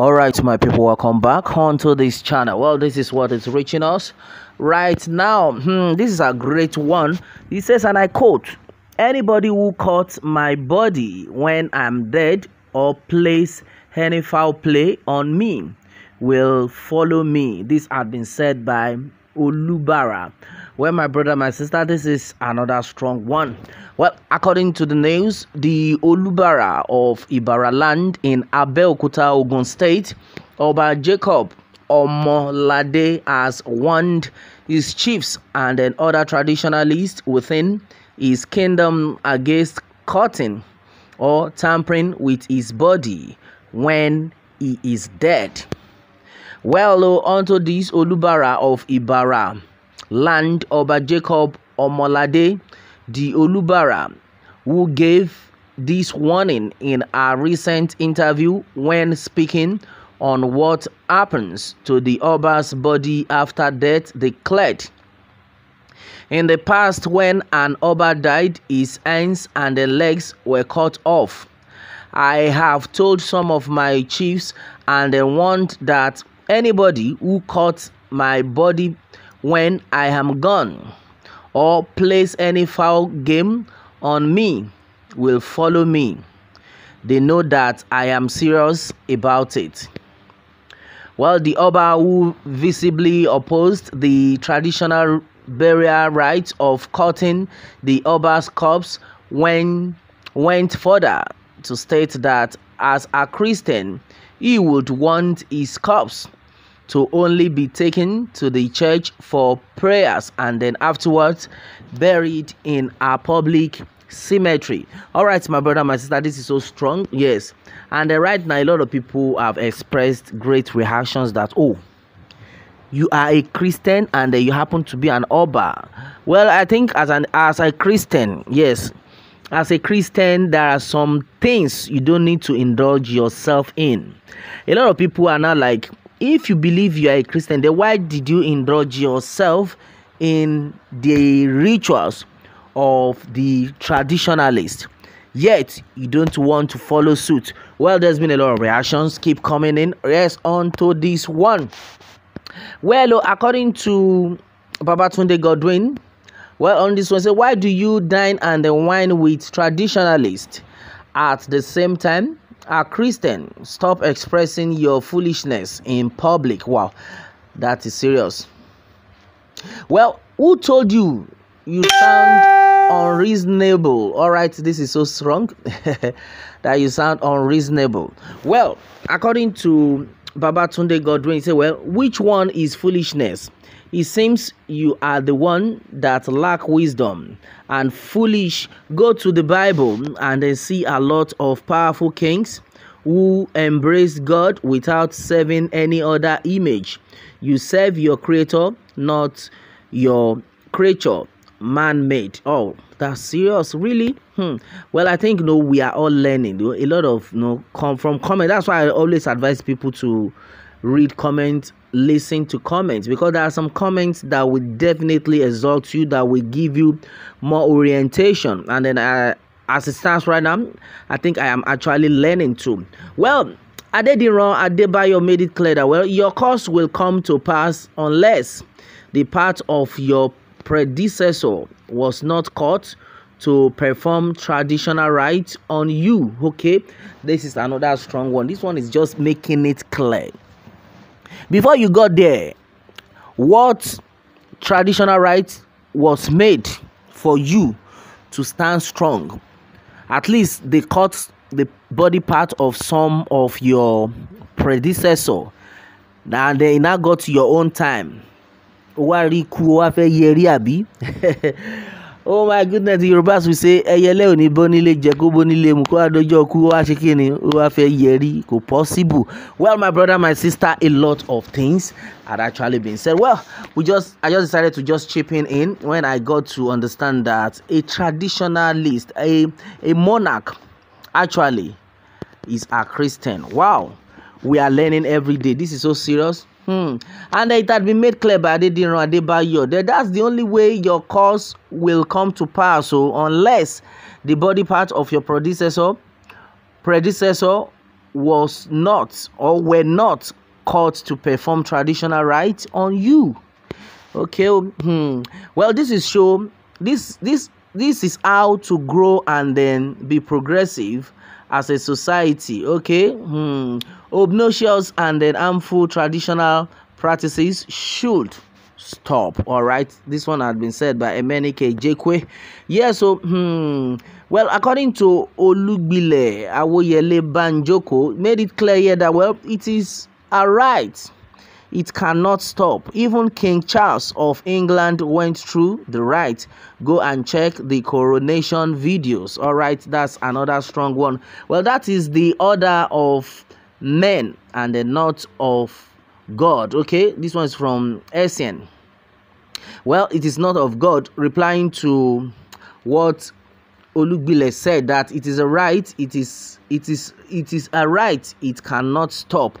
all right my people welcome back onto this channel well this is what is reaching us right now hmm, this is a great one he says and i quote anybody who cuts my body when i'm dead or plays any foul play on me will follow me this had been said by Olubara. Well, my brother, my sister, this is another strong one. Well, according to the news, the Olubara of Ibara land in Abeokuta, Ogun State, Oba Jacob Omolade has warned his chiefs and then other traditionalists within his kingdom against cutting or tampering with his body when he is dead. Well, unto oh, this Olubara of Ibara, land Oba Jacob Omolade, the Olubara, who gave this warning in a recent interview when speaking on what happens to the Oba's body after death, declared. In the past, when an Oba died, his hands and the legs were cut off. I have told some of my chiefs and they want that anybody who cuts my body when I am gone, or plays any foul game on me, will follow me. They know that I am serious about it. Well, the Oba who visibly opposed the traditional burial rites of cutting the Oba's corpse when went further to state that as a Christian, he would want his corpse to only be taken to the church for prayers and then afterwards buried in a public cemetery. All right, my brother, my sister, this is so strong. Yes. And uh, right now, a lot of people have expressed great reactions that, oh, you are a Christian and uh, you happen to be an Oba. Well, I think as an as a Christian, yes, as a Christian, there are some things you don't need to indulge yourself in. A lot of people are now like, if you believe you are a Christian, then why did you indulge yourself in the rituals of the traditionalist? Yet you don't want to follow suit. Well, there's been a lot of reactions keep coming in. Yes, on to this one. Well, according to Babatunde Godwin, well, on this one, say, why do you dine and wine with traditionalists at the same time? A ah, Christian, stop expressing your foolishness in public. Wow, that is serious. Well, who told you you sound unreasonable? All right, this is so strong that you sound unreasonable. Well, according to Babatunde Godwin, he said, Well, which one is foolishness? It seems you are the one that lack wisdom and foolish. Go to the Bible and then see a lot of powerful kings who embrace God without serving any other image. You serve your creator, not your creature, man made. Oh, that's serious, really? Hmm. Well, I think you no, know, we are all learning. A lot of you no know, come from comment. That's why I always advise people to read comments, listen to comments because there are some comments that will definitely exalt you, that will give you more orientation. And then, uh, as it stands right now, I think I am actually learning too. Well, I did it by Adebayo made it clear that well, your course will come to pass unless the part of your predecessor was not caught to perform traditional rites on you. Okay, this is another strong one. This one is just making it clear. Before you got there, what traditional right was made for you to stand strong? At least they cut the body part of some of your predecessor and then it now got your own time. Owari ku owa fe yeri abi. oh my goodness the yorùbá sùn ṣe ẹyẹlẹ ò ní bọ́ nílé jẹ kó bọ́ nílé mu kó adójọ́ kú wá ṣe kí ni ó wá fẹ́ yẹrí kò possible well my brother my sister a lot of things had actually been said well we just i just decided to just chip in in when i got to understand that a traditionalist a a monarch actually is a christian wow we are learning every day this is so serious Hmm. And it had been made clear by Adediran Adebayo that that's the only way your cause will come to pass. So oh, unless the body part of your predecessor, predecessor was not or were not called to perform traditional rites on you. Okay. Oh, hmm. Well, this is show. This this this is how to grow and then be progressive as a society. Okay. Hmm obnoxious and then harmful traditional practices should stop all right this one had been said by emenike jekwe yeah so hmm, well according to olugbile awoyele banjoko made it clear here that well it is a right it cannot stop even king charles of england went through the right go and check the coronation videos all right that's another strong one well that is the order of men and not of God. Okay, this one is from Essien. Well, it is not of God, replying to what Olugbile said that it is a right, it is it is it is a right, it cannot stop.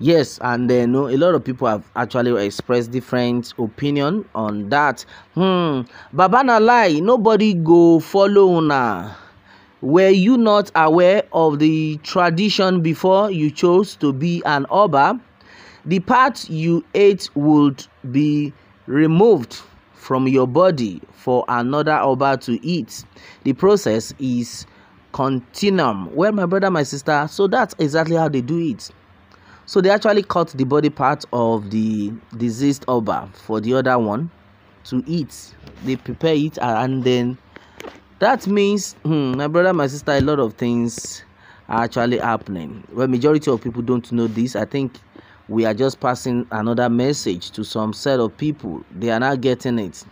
Yes, and then uh, no, a lot of people have actually expressed different opinion on that. Hmm, Babana lie, nobody go follow now. Were you not aware of the tradition before you chose to be an Oba? The part you ate would be removed from your body for another Oba to eat. The process is continuum. Well, my brother, my sister, so that's exactly how they do it. So they actually cut the body part of the deceased Oba for the other one to eat. They prepare it and then that means hmm, my brother my sister a lot of things are actually happening well majority of people don't know this i think we are just passing another message to some set of people they are not getting it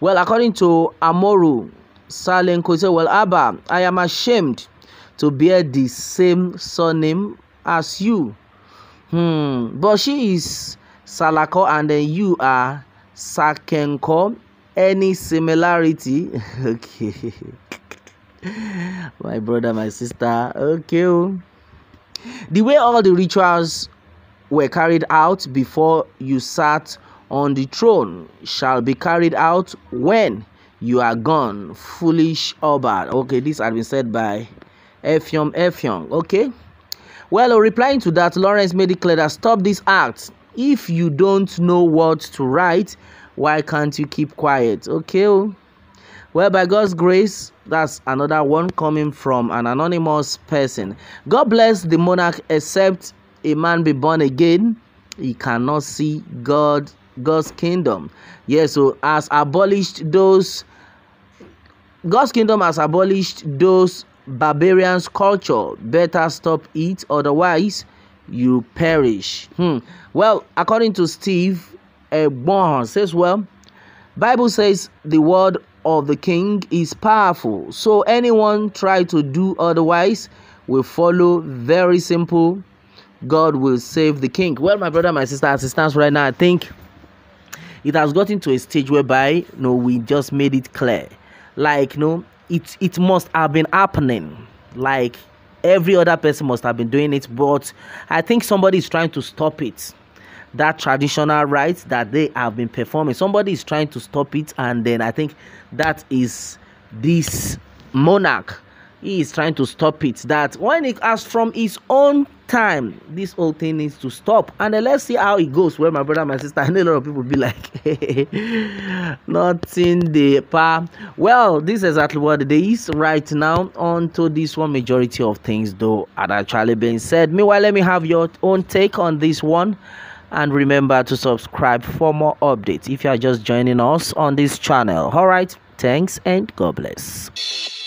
well according to amoru salenko he said well abba i am ashamed to bear the same surname as you hmm but she is salako and then you are sakenko any similarity okay my brother my sister okay oh. the way all the rituals were carried out before you sat on the throne shall be carried out when you are gone foolish bad okay this had been said by effium effium okay well oh, replying to that lawrence made it clear that stop this act if you don't know what to write why can't you keep quiet okay oh. well by god's grace that's another one coming from an anonymous person god bless the monarch except a man be born again he cannot see god god's kingdom yes yeah, so as abolished those god's kingdom has abolished those barbarians culture better stop it otherwise you perish. Hmm. Well, according to Steve Egbon says, well, Bible says the word of the king is powerful. So anyone try to do otherwise will follow very simple. God will save the king. Well, my brother, my sister, assistants right now, I think it has gotten to a stage whereby you no, know, we just made it clear. Like, you no, know, it it must have been happening. Like every other person must have been doing it but i think somebody is trying to stop it that traditional rites that they have been performing somebody is trying to stop it and then i think that is this monarch he is trying to stop it that when it as from his own time this whole thing needs to stop and then let's see how it goes well my brother my sister i know a lot of people be like nothing the pa well this is exactly what it is right now onto this one majority of things though had actually been said meanwhile let me have your own take on this one and remember to subscribe for more updates if you are just joining us on this channel all right thanks and god bless